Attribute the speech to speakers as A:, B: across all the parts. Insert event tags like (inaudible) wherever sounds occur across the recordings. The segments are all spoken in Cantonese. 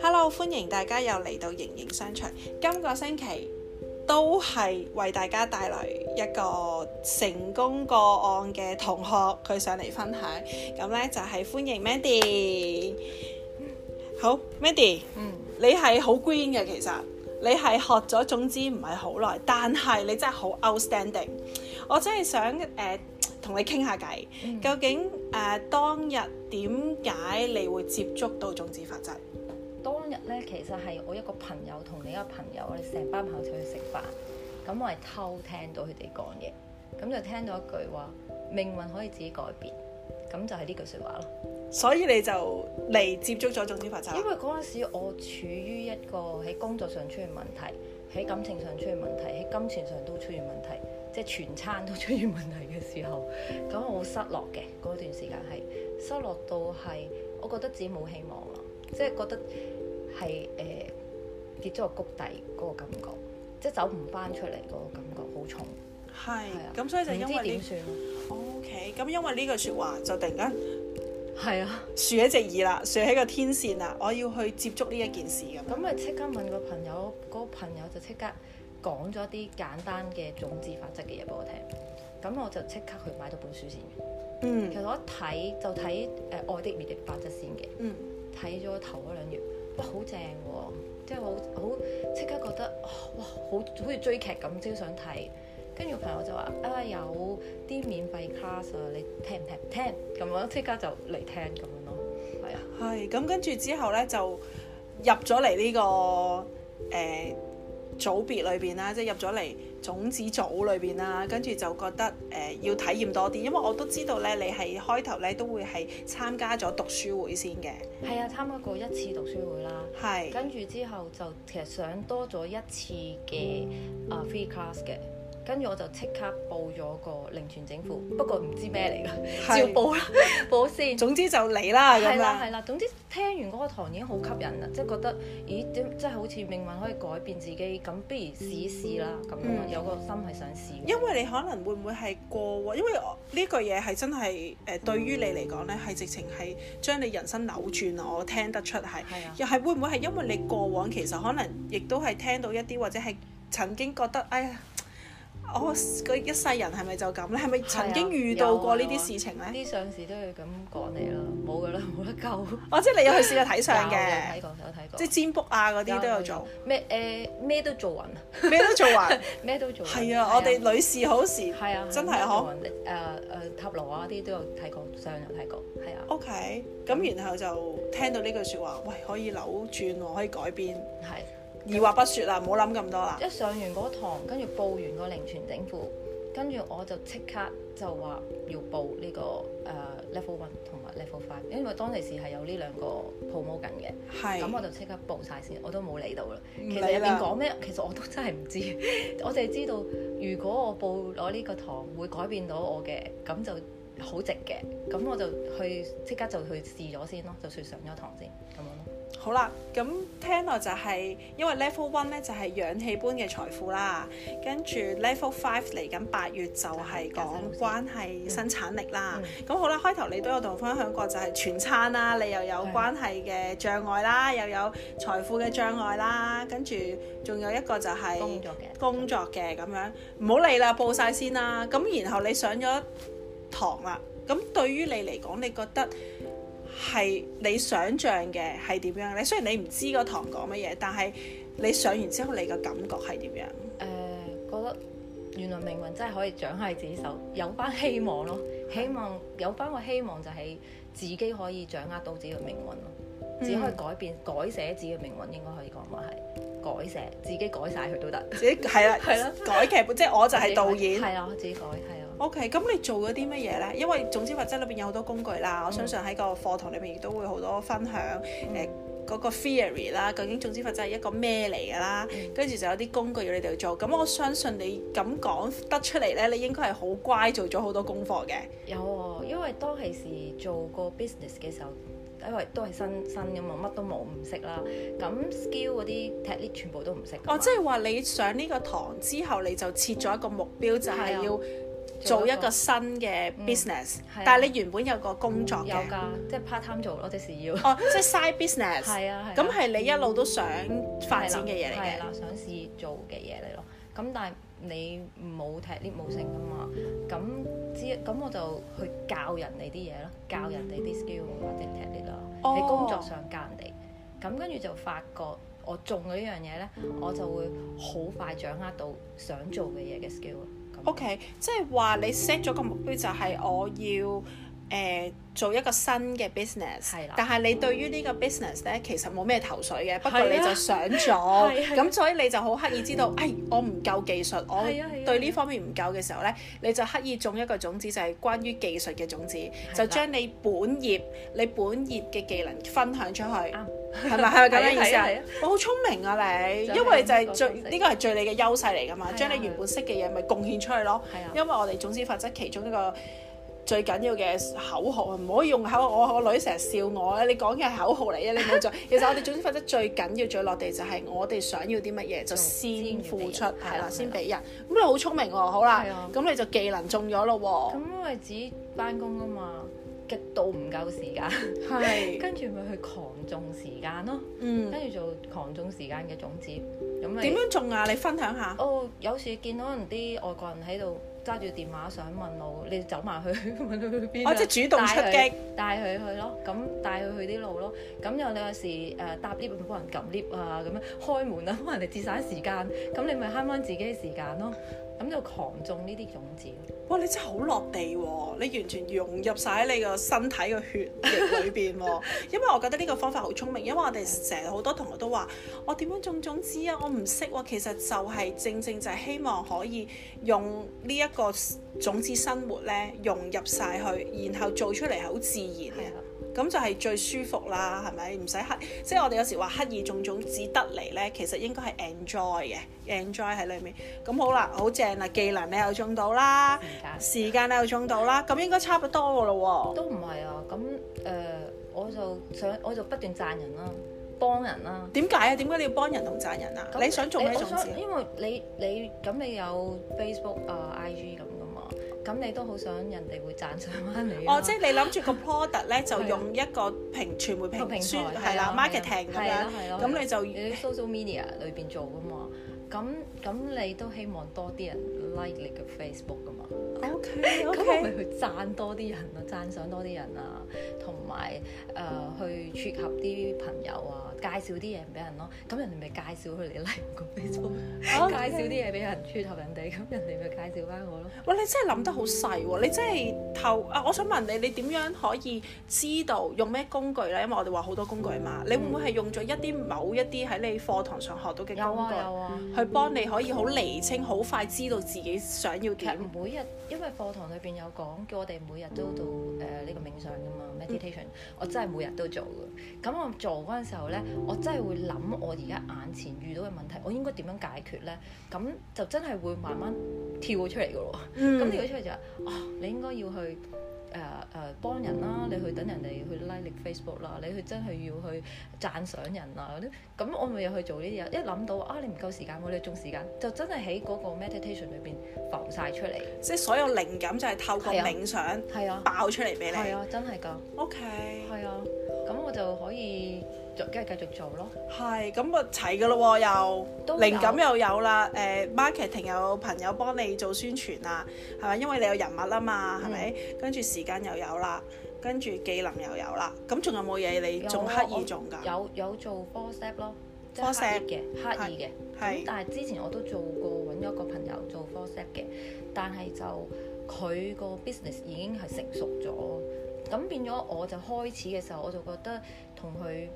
A: Hello，歡迎大家又嚟到盈盈商場。今個星期都係為大家帶來一個成功個案嘅同學，佢上嚟分享。咁呢，就係、是、歡迎、嗯、Mandy、嗯。好，Mandy，你係好 green 嘅，其實你係學咗種子唔係好耐，但係你真係好 outstanding。我真係想、呃同你傾下偈，究竟誒、呃、當日點解你會接觸到種子法則？
B: 當日咧，其實係我一個朋友同另一個朋友，我哋成班朋友出去食飯，咁我係偷聽到佢哋講嘢，咁就聽到一句話：命運可以自己改變，咁就係呢句説話咯。所以
A: 你就嚟接觸咗種子法則？因為
B: 嗰陣時我處於一個喺工作上出現問題，喺感情上出現問題，喺金錢上都出現問題。即係全餐都出現問題嘅時候，咁我好失落嘅。嗰段時間係失落到係，我覺得自己冇希望啦，即係覺得係誒跌咗個谷底嗰個感覺，即係走唔返出嚟嗰個感覺好重。
A: 係是，咁、啊、所以就
B: 因為
A: 點算 OK，咁因為呢句説話就突然間係啊，豎一隻耳啦，豎起個天線啦，我要去
B: 接觸呢一件事咁。咁咪即刻問個朋友，嗰個朋友就即刻，講咗一啲簡單嘅種子法則嘅嘢俾我聽，咁我就即刻去買咗本書先。嗯，其實我一睇就睇誒愛的別的法則先嘅。嗯，睇咗頭嗰兩頁，哇好正喎！即係好好即刻覺得哇好好似追劇咁，朝想睇。跟住朋友就話啊有啲免費 class 啊，你聽唔聽，聽？聽，咁我即刻就嚟聽咁樣
A: 咯。係啊。係咁，跟住之後咧就入咗嚟呢個誒。欸組別裏邊啦，即係入咗嚟種子組裏邊啦，跟住就覺得誒、呃、要體驗多啲，因為我都知道咧，你係開頭咧都會係參加咗讀書會先嘅。
B: 係啊，參加過一次讀書會啦。係。跟住之後就其實想多咗一次嘅誒、mm hmm. uh, free class 嘅。跟住我就即刻報咗個靈泉整府，不過唔知咩嚟㗎，是照報啦， (laughs) 報先。總之就嚟啦，係啦係啦。總之聽完嗰個堂已經好吸引啦，即係覺得咦點即係好似命運可以改變自己，咁不如試，試、嗯、一試啦。咁樣有個心係想試。因為你可能會唔會係過往，因
A: 為我呢句嘢係真係誒對於你嚟講呢，係直情係將你人生扭轉，我聽得出係，的又係會唔會係因為你過往其實可能亦都係聽到一啲或者係曾經覺得哎呀～哎我一世人係咪就咁咧？係咪曾經遇到過呢啲事情咧？
B: 啲相士都要咁講你咯，冇㗎啦，冇得救。哦，即係你有去試過睇相嘅？睇過，有
A: 睇過。即係占卜啊嗰啲都有做。
B: 咩？誒咩都做完啦。咩都做完。咩都做。係啊，我哋女士好時係啊，真係嗬，誒誒塔羅啊啲都有睇過，相有睇過，係啊。OK，咁然後就聽到呢句説話，喂，可以
A: 扭轉喎，可以改變。係。二話不説啦，唔好諗咁多啦。
B: 一上完嗰堂，跟住報完個零存整付，跟住我就即刻就話要報呢、呢個誒、呃、level one 同埋 level five，因為當時係有呢兩個 promo 緊嘅，咁是我就即刻報晒先，我都冇理到啦。其實你講咩，其實我都真係唔知， (laughs) 我就係知道如果我報攞呢個堂會改變到我嘅，咁就好值嘅，咁我就去即刻就去試咗先咯，就算上咗堂先咁樣咯。好啦，咁聽落就係、是、因為 Level One 咧就係、是、氧氣般嘅財富啦，
A: 跟住 Level Five 嚟緊八月就係講關係生產力啦。咁、嗯、好啦，開頭你都有同我分享過就係、是、全餐啦，你又有關係嘅障礙啦，對又有財富嘅障礙啦，跟住仲有一個就係工作嘅工作嘅咁樣。唔好對理啦，報晒先啦。咁然後你上咗堂啦，咁對於你嚟講，你覺得？係你想象嘅係點樣咧？雖然你唔知個堂講乜嘢，但係你上完之後你個感覺係點樣？誒、呃，
B: 覺得原來命運真係可以掌握自己手，有翻希望咯！是希望有翻個希望就係自己可以掌握到自己嘅命運咯，只、嗯、可以改變，改寫自己嘅命運應該可以講話係改寫自己改晒佢都得，自己係啦，係啦，改劇本即係我就係導演，係啦，自己改係。
A: (laughs) OK，咁你做咗啲乜嘢呢？因為總之法則裏邊有好多工具啦。嗯、我相信喺個課堂裏面亦都會好多分享誒嗰、呃那個 theory 啦，究竟總之法則係一個咩嚟噶啦？跟住、嗯、就有啲工具要你哋去做。咁我相信你咁講得出嚟呢，你應該係好乖，做咗好多功課嘅。有、哦，因
B: 為當其時做個 business 嘅時候，因為都係新新咁嘛，乜都冇唔識啦。咁 skill 嗰啲 technique 全部都唔識。哦，即係話你上呢個堂之後，
A: 你就設咗一個目標，就係、是、要。做一個新嘅 business，但係你原本有個工作嘅，即係、嗯就
B: 是、part time 做咯，即時要 (laughs) 哦，即、就、係、是、
A: side business、嗯。係啊，咁係、啊嗯、你一路都想發展嘅嘢嚟嘅，
B: 想試做嘅嘢嚟咯。咁但係你冇踢 lift 冇成㗎嘛？咁之咁我就去教人哋啲嘢咯，教人哋啲 skill 或者踢 lift 啦。你、哦、工作上教人哋，咁跟住就發覺我中咗呢樣嘢咧，我就會好快掌握到想做嘅嘢嘅 skill。
A: O.K.，即係話你 set 咗個目標就係我要。誒，做一個新嘅 business，但係你對於呢個 business 咧，其實冇咩頭緒嘅。不過你就想做，咁所以你就好刻意知道，誒，我唔夠技術，我對呢方面唔夠嘅時候呢，你就刻意種一個種子，就係關於技術嘅種子，就將你本業、你本業嘅技能分享出去，係咪，係咪咁嘅意思啊？我好聰明啊你，因為就係最呢個係最你嘅優勢嚟㗎嘛，將你原本識嘅嘢咪貢獻出去咯。因為我哋種子法則其中一個。最緊要嘅口號唔可以用口，我個女成日笑我咧。你講嘅係口號嚟嘅，你冇錯。其實我哋總之覺得最緊要最落地就係我哋想要啲乜嘢就先付出，係啦、嗯，先俾人。
B: 咁、嗯、你好聰明喎，好啦，咁了你就技能種咗咯喎。咁咪只翻工啊嘛，極度唔夠時間， (laughs) 是跟住咪去狂種時間咯，嗯、跟住做狂種時間嘅種子。咁點、就是、樣種啊？你分享下。哦，有時見到人啲外國人喺度。揸住電話想問路，你走埋去問佢去邊？我、哦、即主動出擊，帶佢去咯。咁帶佢去啲路咯。咁有陣時、呃、搭 lift，幫人撳 lift 啊，咁樣開門啊，幫人哋節省時間。咁你咪慳翻自己時間咯。咁就狂種呢啲種子，
A: 哇！你真係好落地喎、哦，你完全融入晒喺你個身體嘅血液裏邊喎。 (laughs) 因為我覺得呢個方法好聰明，因為我哋成日好多同學都話：我點樣種種子啊？我唔識喎。其實就係正正就係希望可以用呢一個種子生活咧，融入晒去，然後做出嚟係好自然。咁就係最舒服啦，係咪？唔使刻意，即係我哋有時話刻意種種子得嚟咧，其實應該係 enjoy 嘅，enjoy 喺裏面。咁好啦，好正啦，技能你又中到啦，時間，時間你又中到啦，咁應該差唔多噶咯
B: 喎。都唔係啊，咁誒、呃，我就想我就不斷讚人啦、啊，幫人
A: 啦。點解啊？點解你要幫人同讚人啊？那你想做咩種子？想做事因為
B: 你你咁你，你有 Facebook 啊、uh, IG 咁。咁你都好想人哋會讚賞翻你、啊？
A: 哦，即係你諗住個 product 咧，就用一個平傳 (laughs) 媒平台，係啦，marketing 係啊，係咯，咁你
B: 就喺 social media 裏邊做噶嘛。咁咁你都希望多啲人 like 你嘅 Facebook 噶嘛？O K O K，讚多啲人啊，讚賞多啲人啊，同埋誒去撮合啲朋友啊。介紹啲嘢俾人咯，咁人哋咪介紹佢嚟嚟唔過俾做， (laughs) (laughs) 介紹啲嘢俾人撮頭 (laughs) 人哋，咁人哋咪介紹翻我咯。哇！你真係諗得好細喎，你真係透啊！我想問你，
A: 你點樣可以知道用咩工具咧？因為我哋話好多工具嘛，嗯、你會唔會係用咗一啲某一啲喺你課堂上學到嘅工具，啊啊、去幫你可以好厘清、好、嗯、快知道自己想要嘅。每
B: 日，因為課堂裏邊有講叫我哋每日都到誒呢個冥想㗎嘛，meditation。我真係每日都做嘅。咁我做嗰陣時候咧。我真係會諗，我而家眼前遇到嘅問題，我應該點樣解決呢？咁就真係會慢慢跳出嚟嘅咯。咁跳、嗯、出嚟就哦，你應該要去誒誒、呃呃、幫人啦，你去等人哋去 like Facebook 啦，你去真係要去讚賞人啊嗰啲。咁我咪又去做呢啲嘢。一諗到啊，你唔夠時間，我哋重時間，就真係喺嗰個 meditation 裏邊浮晒出嚟。即係所有靈感就係透過冥想係啊，啊爆出嚟俾你係啊，真係㗎。OK，係啊，咁我就可以。就跟住繼續做咯，係
A: 咁個齊噶咯喎，又靈感又有啦，誒、呃、marketing 有朋友幫你做宣傳啦，係咪？因為你有人物啊嘛，係咪、嗯？跟住時間又有啦，跟住技能又有啦，咁仲有冇嘢你仲有刻意做㗎？有有做 cocept r 咯，即係刻意
B: 嘅，刻意嘅。咁但係之前我都做過揾咗個朋友做 cocept r 嘅，但係就佢個 business 已經係成熟咗，咁變咗我就開始嘅時候我就覺得同佢。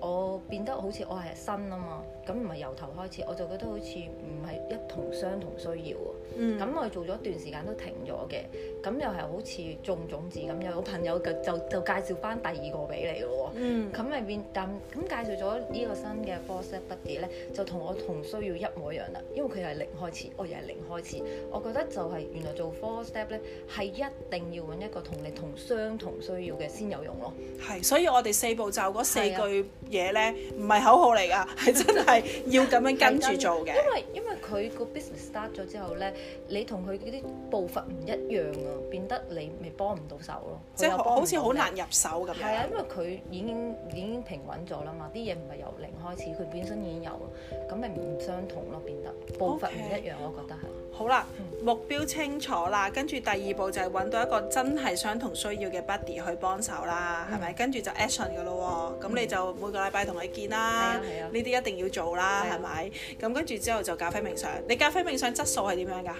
B: 我變得好似我係新啊嘛，咁唔係由頭開始，我就覺得好似唔係一同相同需要喎。咁、嗯、我做咗一段時間都停咗嘅，咁又係好似種種子咁，嗯、有個朋友就就介紹翻第二個俾你咯。咁咪、嗯、變，但咁介紹咗呢個新嘅 Four Step 筆記咧，就同我同需要一模一樣啦，因為佢係零開始，我亦係零開始。我覺得就係原來做 Four Step 咧，係一定要揾一個同你同相同需要嘅先有用咯。
A: 係，所以我哋四步驟嗰四句。嘢咧唔係口號嚟㗎，係 (laughs) 真係 (laughs) 要咁樣跟住做嘅。因為
B: 因為佢個 business start 咗之後咧，你同佢嗰啲步伐唔一樣啊，變得你咪幫唔到手咯。即係是好似好難入手咁樣。係啊，因為佢已經已經平穩咗啦嘛，啲嘢唔係由零開始，佢本身已經有咁，咪唔相同咯，變得步伐唔一樣，我覺得係。Okay.
A: 好啦，目標清楚啦，跟住第二步就係揾到一個真係相同需要嘅 buddy 去幫手啦，係咪、嗯？跟住就 action 嘅咯喎，咁、嗯、你就每個禮拜同佢見啦，呢啲、嗯嗯、一定要做啦，係咪、啊？咁跟住之後就咖啡冥想，你咖啡冥想質素係
B: 點樣噶？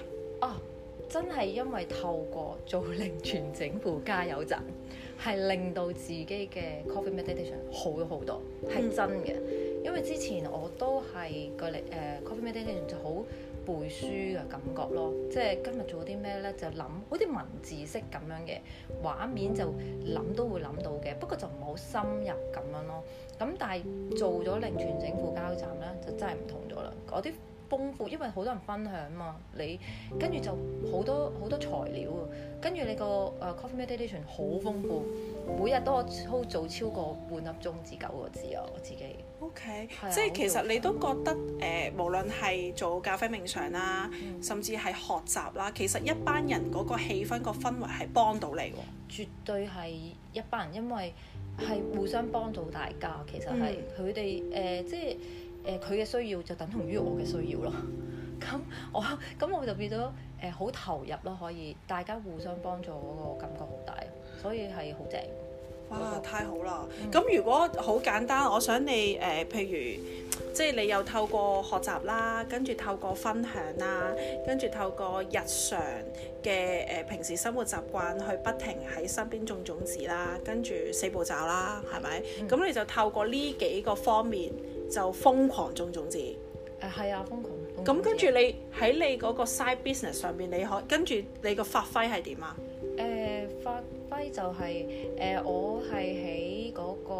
B: 哦、啊，真係因為透過做零全整步加油站，係令到自己嘅 coffee meditation 好咗好多，係真嘅。嗯、因為之前我都係個力 coffee meditation 就好背書嘅感覺咯，即係今日做啲咩呢？就諗好似文字式咁樣嘅畫面就諗都會諗到嘅，不過就唔好深入咁樣咯。咁但係做咗零存整付交站呢，就真係唔同咗啦。嗰啲豐富，因為好多人分享嘛，你跟住就好多好多材料啊，跟住你個誒 coffee meditation 好豐富，每日都操做超過半粒鐘至九個字啊，我自己。
A: OK，即係其實你
B: 都覺得誒、呃，
A: 無論係做咖啡冥想啦，嗯、甚至係學習啦、啊，其實一班人嗰個氣氛、個氛圍係幫到你喎、
B: 啊。絕對係一班人，因為係互相幫助大家，其實係佢哋誒即係。誒佢嘅需要就等同於我嘅需要咯，咁、 (laughs) 嗯、 (laughs) 我咁我就變咗誒好投入咯，可以大家互相幫助嗰個感覺好大，所以係好正。哇，那個、太好啦！
A: 咁、嗯、如果好簡單，我想你誒、呃，譬如即係你又透過學習啦，跟住透過分享啦，跟住透過日常嘅誒、呃、平時生活習慣去不停喺身邊種種子啦，跟住四步驟啦，係咪？咁、嗯嗯、你就透過呢幾個方面。就瘋狂種種子，
B: 誒係啊，啊，瘋狂。咁跟住
A: 你喺你嗰個 side business 上邊，你可跟住你個發揮係點啊？
B: 誒、呃，發揮就係、是、誒、呃，我係喺嗰個、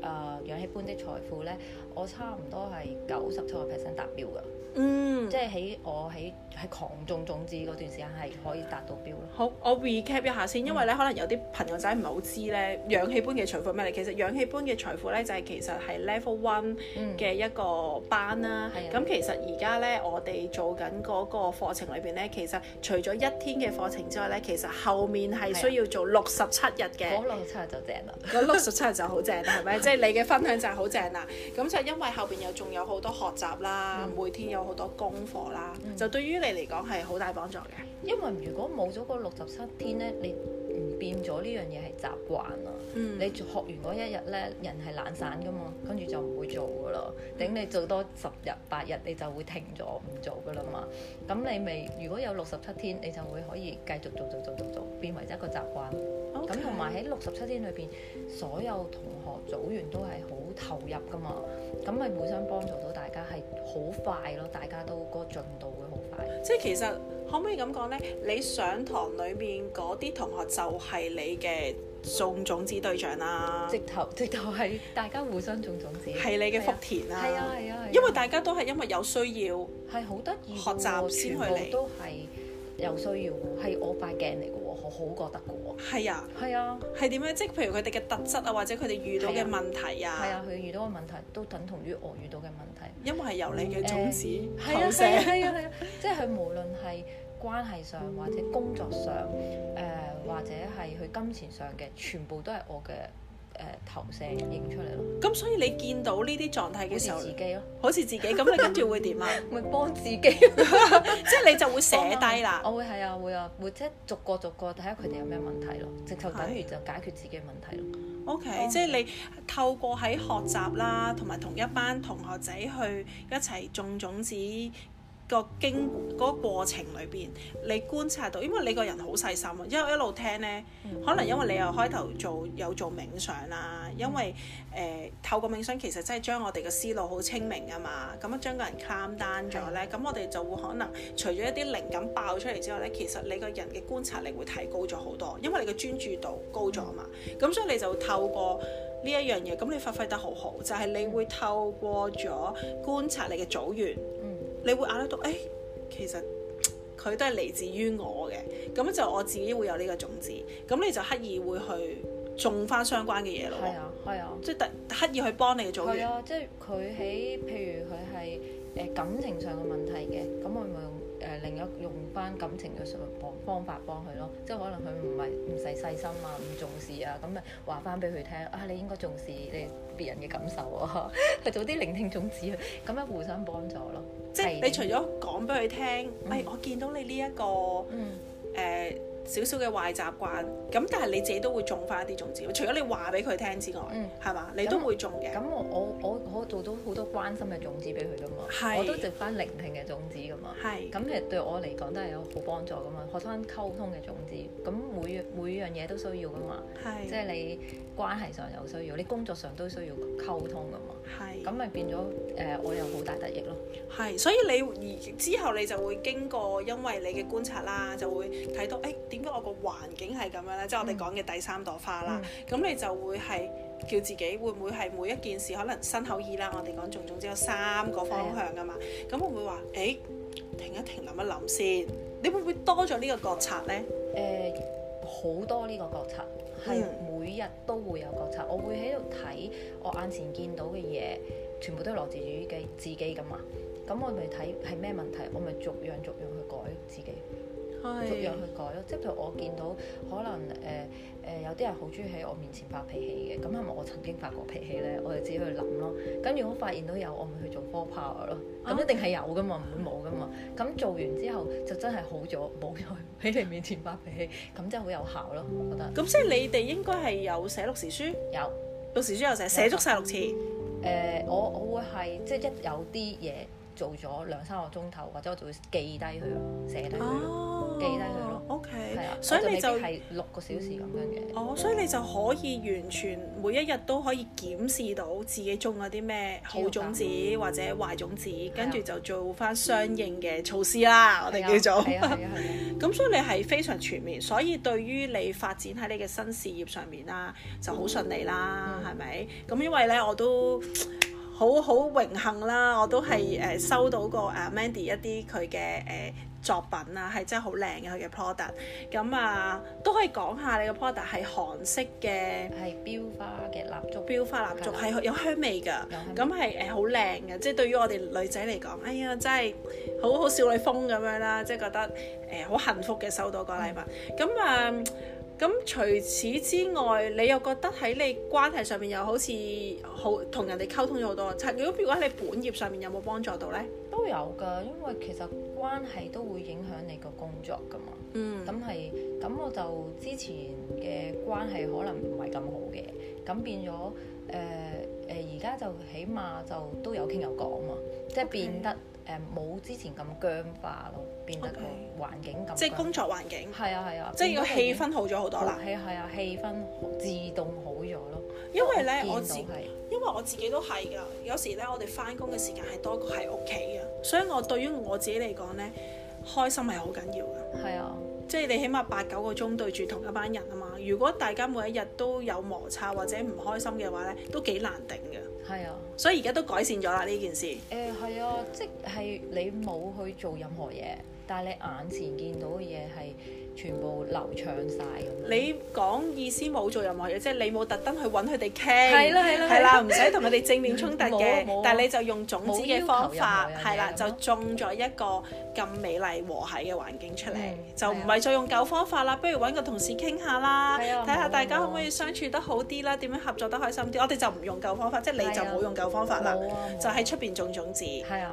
B: 呃氧氣般的財富咧，我差唔多係九十七個 percent 達標噶，嗯，即係喺我喺係狂種種子嗰段時間係可以達到標咯。
A: 好，我 recap 一下先，嗯、因為咧可能有啲朋友仔唔係好知咧氧氣般嘅財富咩嚟？其實氧氣般嘅財富咧就係其實係 level one 嘅一個班啦、啊。咁、嗯、其實而家咧我哋做緊嗰個課程裏邊咧，其實除咗一天嘅課程之外咧，其實後面係需要做六十七日嘅。六十七日就正啦。六十七日就好正，係咪？即係你嘅。分享就係好正啦，咁就因為後邊又仲有好多學習啦，嗯、每天有好多功課啦，嗯、就對於你嚟講
B: 係好大幫助嘅。因為如果冇咗嗰六十七天咧，你唔變咗呢樣嘢係習慣啊，嗯、你學完嗰一日咧，人係懶散噶嘛，跟住就唔會做噶咯。頂你做多十日八日，你就會停咗唔做噶啦嘛。咁你咪如果有六十七天，你就會可以繼續做做做做做，變為一個習慣。咁同埋喺六十七天裏邊，所有同學組員都係好投入噶嘛，咁咪互相幫助到大家，係好快咯！大家都嗰個進度會好快。即係其
A: 實可唔可以咁講呢？你上堂裏面嗰啲同學就係你嘅種種子對象啦，直
B: 頭直頭係大家互相種種子，係你
A: 嘅福田啦。係啊係啊，啊啊啊啊因為大家都係因為有需要，
B: 係好得意。學習先去嚟，都係有需要嘅，係、嗯、我塊鏡嚟嘅喎，我好覺得係啊，係啊，係
A: 點樣？即係譬如佢哋嘅特質啊，或者佢哋遇到嘅問題啊，係啊，
B: 佢、啊、遇到嘅問題都等同於我遇到嘅問題，因為係由你嘅種子投射、嗯呃、啊，係像啊，係啊，啊啊啊 (laughs) 即係佢無論係關係上或者工作上，誒、呃、或者係佢金錢上嘅，全部都係我嘅。誒、呃、投射影出嚟咯，咁所以你見到呢啲狀態嘅時候，好似自己咯、啊，好似自己咁， (laughs) 你跟住會點啊？會 (laughs) 幫自己、啊， (laughs) (laughs) 即係你就會
A: 寫低啦、
B: 哦。我會係啊，會啊，會，即逐個逐個睇下佢哋有咩問題咯，直頭等於是就解決自己問題咯。OK，即係你透過喺學習啦，同埋同一
A: 班同學仔去一齊種種子。個經嗰、這個過程裏邊，你觀察到，因為你個人好細心啊。因為一路聽呢，可能因為你又開頭做有做冥想啦，因為誒、呃、透過冥想其實真係將我哋嘅思路好清明啊嘛。咁樣將個人 calm down 咗呢，咁是的 我哋就會可能除咗一啲靈感爆出嚟之外呢，其實你個人嘅觀察力會提高咗好多，因為你嘅專注度高咗嘛。咁所以你就透過呢一樣嘢，咁你發揮得好好，就係、是、你會透過咗觀察你嘅組員。嗯你會啞得到？誒、哎，其實佢都係嚟自於我嘅，咁就我自己會有呢個種子，咁你就刻意會去種翻相關嘅嘢咯，係啊，係啊，即係特刻意去幫你做。係啊，
B: 即係佢喺譬如佢係誒感情上嘅問題嘅，咁我用誒另一用翻感情嘅方法幫佢咯。即係可能佢唔係唔使細心啊，唔重視啊，咁咪話翻俾佢聽啊，你應該重視你別人嘅感受啊，佢早啲聆聽、種子，咁樣互相幫助咯。
A: 即係是的你除咗講俾佢聽，唔、嗯哎、我見到你呢、這、一個誒。嗯呃少少嘅壞習慣，咁但係你自己都會種
B: 翻一啲種子。除咗你話俾佢聽之外，
A: 係嘛？嗯？你都會
B: 種嘅。咁、嗯、我我我我做到好多關心嘅種子俾佢噶嘛。是我都植翻聆聽嘅種子噶嘛？咁是其實對我嚟講都係有好幫助噶嘛。學生溝通嘅種子，咁每每樣嘢都需要噶嘛。是即係你關係上有需要，你工作上都需要溝通噶嘛。咁咪是變咗誒、呃，我有好大。係，所以你而之後你就會經過，因
A: 為你嘅觀察啦，就會睇到誒點解我個環境係咁樣咧。即係、嗯、我哋講嘅第三朵花啦。咁、嗯、你就會係叫自己會唔會係每一件事可能身口意啦。我哋講總總之有三個方向㗎嘛。咁、嗯嗯、會唔會話誒停一停，諗一諗先？
B: 你會唔會多咗呢、呃、呢個覺察咧？誒，好多呢個覺察係每日都會有覺察。的我會喺度睇我眼前見到嘅嘢，全部都係來自於嘅自己噶嘛。咁我咪睇係咩問題，我咪逐樣逐樣去改自己，
A: 是逐樣去
B: 改咯。即係譬如我見到可能誒誒、呃呃、有啲人好中意喺我面前發脾氣嘅，咁係咪我曾經發過脾氣咧？我哋自己去諗咯。咁如果發現到有，我咪去做 Four power 咯。咁、啊、一定係有噶嘛，唔會冇噶嘛。咁做完之後就真係好咗，冇咗喺你面前發脾氣，咁真係好有效咯，我覺得。咁即係你哋應該係有寫六時書，有六時書有寫，有寫足晒六次。誒、呃，我我會係即係一有啲嘢。做咗兩三個鐘頭，或者我就會記低佢，寫低佢，oh, 記低佢咯。OK。係啊，所以你就係六個小時咁樣嘅。哦，oh, Yeah. 所以
A: 你就可以完全每一日都可以檢視到自己種嗰啲咩好種子或者壞種子，跟住就做翻相應嘅措施啦。係啊。我哋叫做係啊係啊係啊。咁 (laughs) 所以你係非常全面，所以對於你發展喺你嘅新事業上面啦，就好順利啦，係咪、嗯？咁因為咧，我都。好好榮幸啦！我都係誒收到過誒 Mandy 一啲佢嘅誒作品啊，係真係好靚嘅佢嘅 product。咁啊都可以講下你嘅 product 係韓式嘅，係裱花嘅蠟燭，裱花蠟燭係、嗯、有香味㗎。咁係誒好靚嘅，即係、就是、對於我哋女仔嚟講，哎呀真係好好少女風咁樣啦！即、就、係、是、覺得誒好幸福嘅收到個禮物。咁啊、嗯、～咁除此之外，你又覺得喺你關係上面又好似好同人哋溝通咗好多。如果喺
B: 你本業上面有冇幫助到呢？都有㗎，因為其實關係都會影響你個工作㗎嘛。嗯。咁係，咁我就之前嘅關係可能唔係咁好嘅，咁變咗誒。呃而家就起碼就都有傾有講嘛，即係 Okay. 變得誒冇之前咁僵化咯，Okay. 變得個環境咁即係工作環境係啊係啊，即係個氣氛好咗好多啦。係啊係啊，氣氛自動好咗咯。因為咧，我，我自
A: 因為我自己都係㗎，有時咧我哋翻工嘅時間係多過喺屋企嘅，所以我對於我自己嚟講咧，開心係好緊要㗎。係啊。即係你起碼八九個鐘對住同一班人啊嘛。如果大家每一日都有摩擦或者唔開心嘅話咧，都幾難頂嘅。係啊，所以而家都改善咗啦呢件事。
B: 誒係、呃、啊，即係你冇去做任何嘢。但係你眼前見到嘅嘢係全部流暢晒。
A: 你講意思冇做任何嘢，即係你冇特登去揾佢哋傾。係啦係啦，係啦，唔使同佢哋正面衝突嘅。但係你就用種子嘅方法，係啦，就種咗一個咁美麗和諧嘅環境出嚟，就唔係再用舊方法啦。不如揾個同事傾下啦，睇下大家可唔可以相處得好啲啦，點樣合作得開心啲。我哋就唔用舊方法，即係你就冇用舊方法啦，就喺出邊種種子，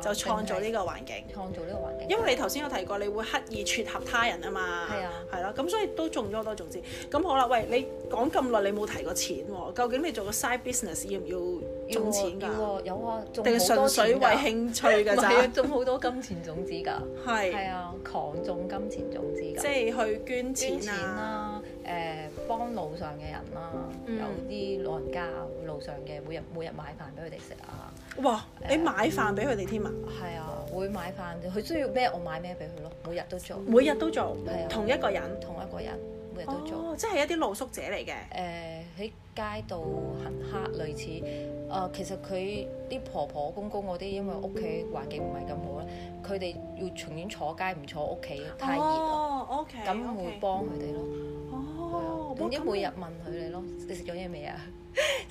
A: 就創造呢個環境。
B: 創造呢個環
A: 境。因為你頭先有提。你會刻意撮合他人啊嘛，係啊，係咯、啊，咁所以都種咗好多種子。咁好啦，喂，你講咁耐，你冇提過錢喎。究竟你做個 side business 要唔要種錢㗎？有啊，種好、啊、多錢㗎。定純粹為興趣㗎？唔係 (laughs) 啊，種
B: 好、啊、多金錢種子㗎。係係 (laughs) 啊，狂種金錢種子。即係去捐錢啊！誒、啊呃，幫路上嘅人啦、啊，嗯、有啲老人家路上嘅，每日每日買飯俾佢哋食啊。哇！你買飯俾佢哋添啊？係、呃、啊，會買飯佢需要咩，我買咩俾佢咯。每日都做，每日
A: 都做，啊、同一個人，同一個人，
B: 每日都做。
A: 哦、即係一啲露宿者嚟嘅。
B: 誒、呃，喺街道行乞類似啊、呃。其實佢啲婆婆公公嗰啲，因為屋企環境唔係咁好啦，佢哋要情願坐街唔坐屋企，太熱啦。我、哦、OK。咁會幫佢哋咯。okay. 哦。總之、啊、每日問佢哋咯，你食咗嘢未啊？ (laughs)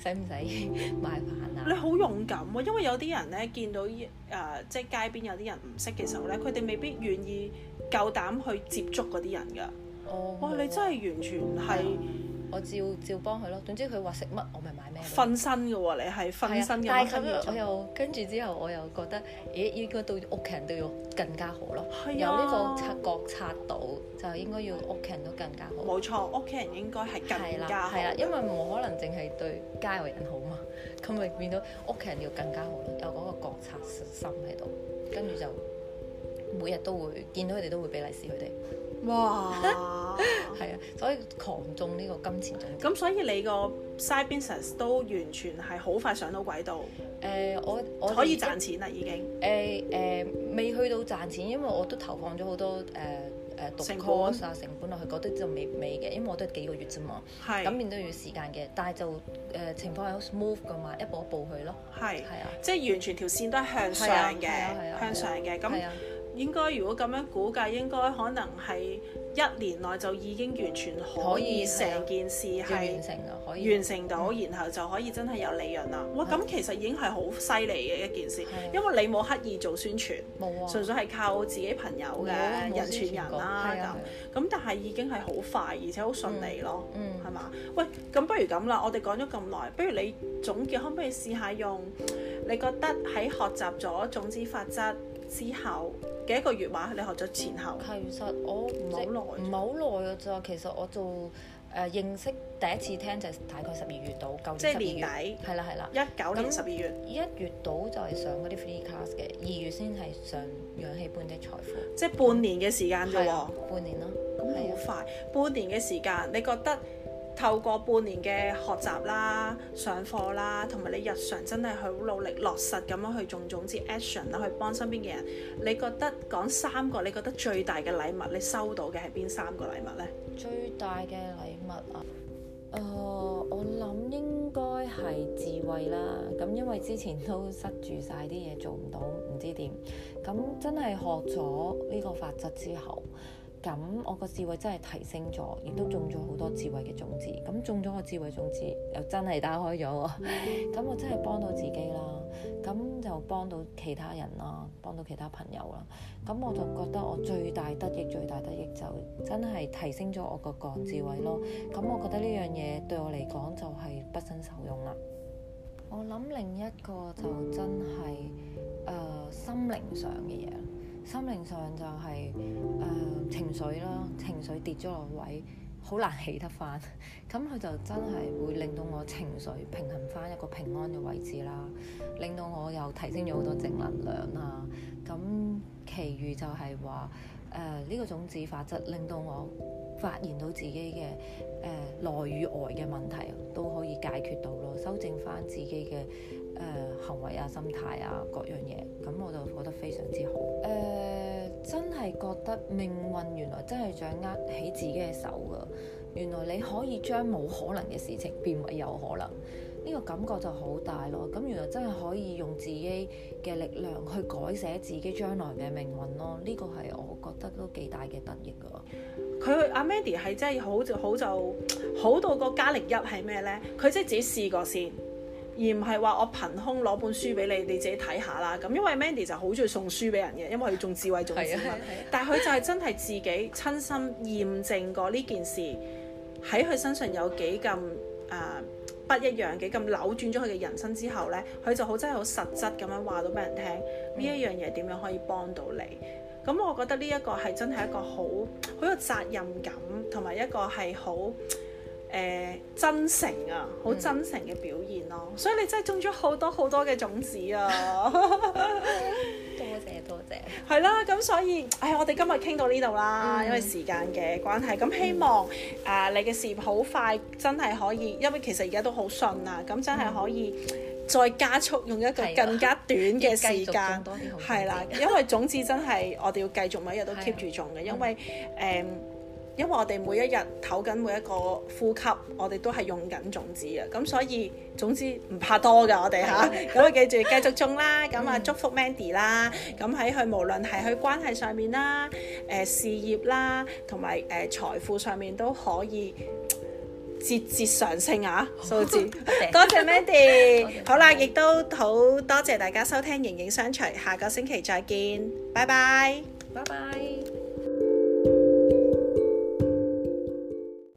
B: 使唔使買飯啊？ (laughs) 要，
A: 要你好勇敢喎、啊，因為有啲人咧見到依、呃、即係街邊有啲人唔識嘅時候咧，佢哋未必願意夠
B: 膽去接
A: 觸嗰啲人嘅。哦
B: ，oh. 哇！你真係完全係～oh. Oh. Oh. 我照照幫佢咯，總之佢話食乜我咪買咩咯。分身嘅喎、啊，你係分身嘅。但係咁樣我又跟住之後，我又覺得，咦，應該對屋企人都要更加好咯。啊、有呢個察覺察到，就應該要屋企人都更加好。冇錯，
A: 屋企人應該係更加。係啦、啊啊，因
B: 為冇可能淨係對家人好嘛，咁咪 (laughs) 變到屋企人要更加好咯。有嗰個覺察心喺度，跟住就每日都會見到佢哋都會俾利是佢哋。哇！ (laughs) 係啊，所以狂中呢個金錢就咁，所
A: 以你個 side business 都完全係好快上到軌道。誒，我可以賺錢啦，已經。
B: 誒誒，未去到賺錢，因為我都投放咗好多誒誒讀 course 啊成本落去，覺得就未未嘅，因為我都係幾個月啫嘛，係咁，面對要時間嘅。但係就誒情況係好 smooth 噶嘛，一步一步去咯。
A: 係係啊，即係完全條線都係向上嘅，向上嘅。咁應該如果咁樣估計，應該可能係。一年內就已經完全可以成件事係完成到，然後就可以真係有利潤啦。哇！咁其實已經係好犀利嘅一件事，因為你冇刻意做宣傳，冇啊，純粹係靠自己朋友嘅人傳人啦咁。咁但係已經係好快而且好順利咯，係嘛？喂，咁不如咁啦，我哋講咗咁耐，不如你總結可唔可以試下用，你覺得喺學習咗種子法則，之後幾個月話你學咗前後、嗯，其實
B: 我唔係好耐，唔係好耐嘅咋。其實我做誒、呃、認識第一次聽就係大概十二月到度，年即係年底，係啦係啦。一九年十二月一月到就係上嗰啲 free class 嘅，二月先係上氧氣半嘅財富，
A: 即係半年嘅時間啫
B: 半年咯。咁好
A: 快，半年嘅的時間，你覺得？透過半年嘅學習啦、上課啦，同埋你日常真係好努力落實咁樣去種種之 action 啦，去幫身邊嘅人。你覺得講三個，你覺得最大嘅禮物你收到嘅係邊三個禮物呢？最
B: 大嘅禮物啊，誒、呃，我諗應該係智慧啦。咁因為之前都塞住晒啲嘢，做唔到，唔知點。咁真係學咗呢個法則之後。咁我個智慧真係提升咗，亦都種咗好多智慧嘅種子。咁種咗個智慧種子，又真係打開咗喎。咁 (laughs) 我真係幫到自己啦，咁就幫到其他人啦，幫到其他朋友啦。咁我就覺得我最大得益、最大得益就真係提升咗我個個智慧咯。咁我覺得呢樣嘢對我嚟講就係畢生受用啦。我諗另一個就真係誒、呃、心靈上嘅嘢。心靈上就係誒情緒啦，情緒跌咗落位，好難起得翻。咁 (laughs) 佢就真係會令到我情緒平衡翻一個平安嘅位置啦，令到我又提升咗好多正能量啦。咁其餘就係話誒呢個種子法則，令到我發現到自己嘅誒內與外嘅問題都可以解決到咯，修正翻自己嘅。誒、呃、行為啊、心態啊、各樣嘢，咁我就覺得非常之好。誒、呃，真係覺得命運原來真係掌握喺自己嘅手㗎、啊。原來你可以將冇可能嘅事情變為有可能，呢、這個感覺就好大咯。咁原來真係可以用自己嘅力量去改寫自己將來嘅命運咯。呢、這個係我覺得都幾大嘅得益啊。佢阿 Mandy 係真係好就好就好到個加零一係
A: 咩呢？佢即係自己試過先。而唔係話我憑空攞本書俾你，你自己睇下啦。咁因為 Mandy 就好鍾意送書俾人嘅，因為佢種智慧種子嘛。 (laughs) 但係佢就係真係自己親身驗證過呢件事喺佢身上有幾咁誒不一樣，幾咁扭轉咗佢嘅人生之後呢，佢就好真係好實質咁、嗯、樣話到俾人聽呢一樣嘢點樣可以幫到你。咁我覺得呢一個係真係一個好，好有責任感同埋一個係好。誒、呃，真誠啊，好真誠嘅表現咯，嗯、所以你真係種咗好多好多嘅種子啊！多
B: (laughs)
A: 謝 (laughs) 多謝，係 (laughs) 啦，咁所以，唉、哎，我哋今日傾到呢度啦，嗯、因為時間嘅關係。咁希望誒、呃、你嘅事業好快真係可以，因為其實而家都好順啊，咁真係可以再加速，用一個更加短嘅時間，係、啊、啦，因為種子真係 (laughs) 我哋要繼續每日都 keep 住種嘅，啊、因為誒。嗯。因為我哋每一日唞緊每一個呼吸，我哋都係用緊種子啊！咁所以總之唔怕多㗎，我哋吓，咁記住繼續種啦！咁啊祝福 Mandy 啦！咁喺佢無論係佢關係上面啦、誒事業啦，同埋誒財富上面都可以節節上升啊！數字多謝 Mandy，好啦，亦都好多謝大家收聽形影相隨，下個星期再見，拜拜，拜拜。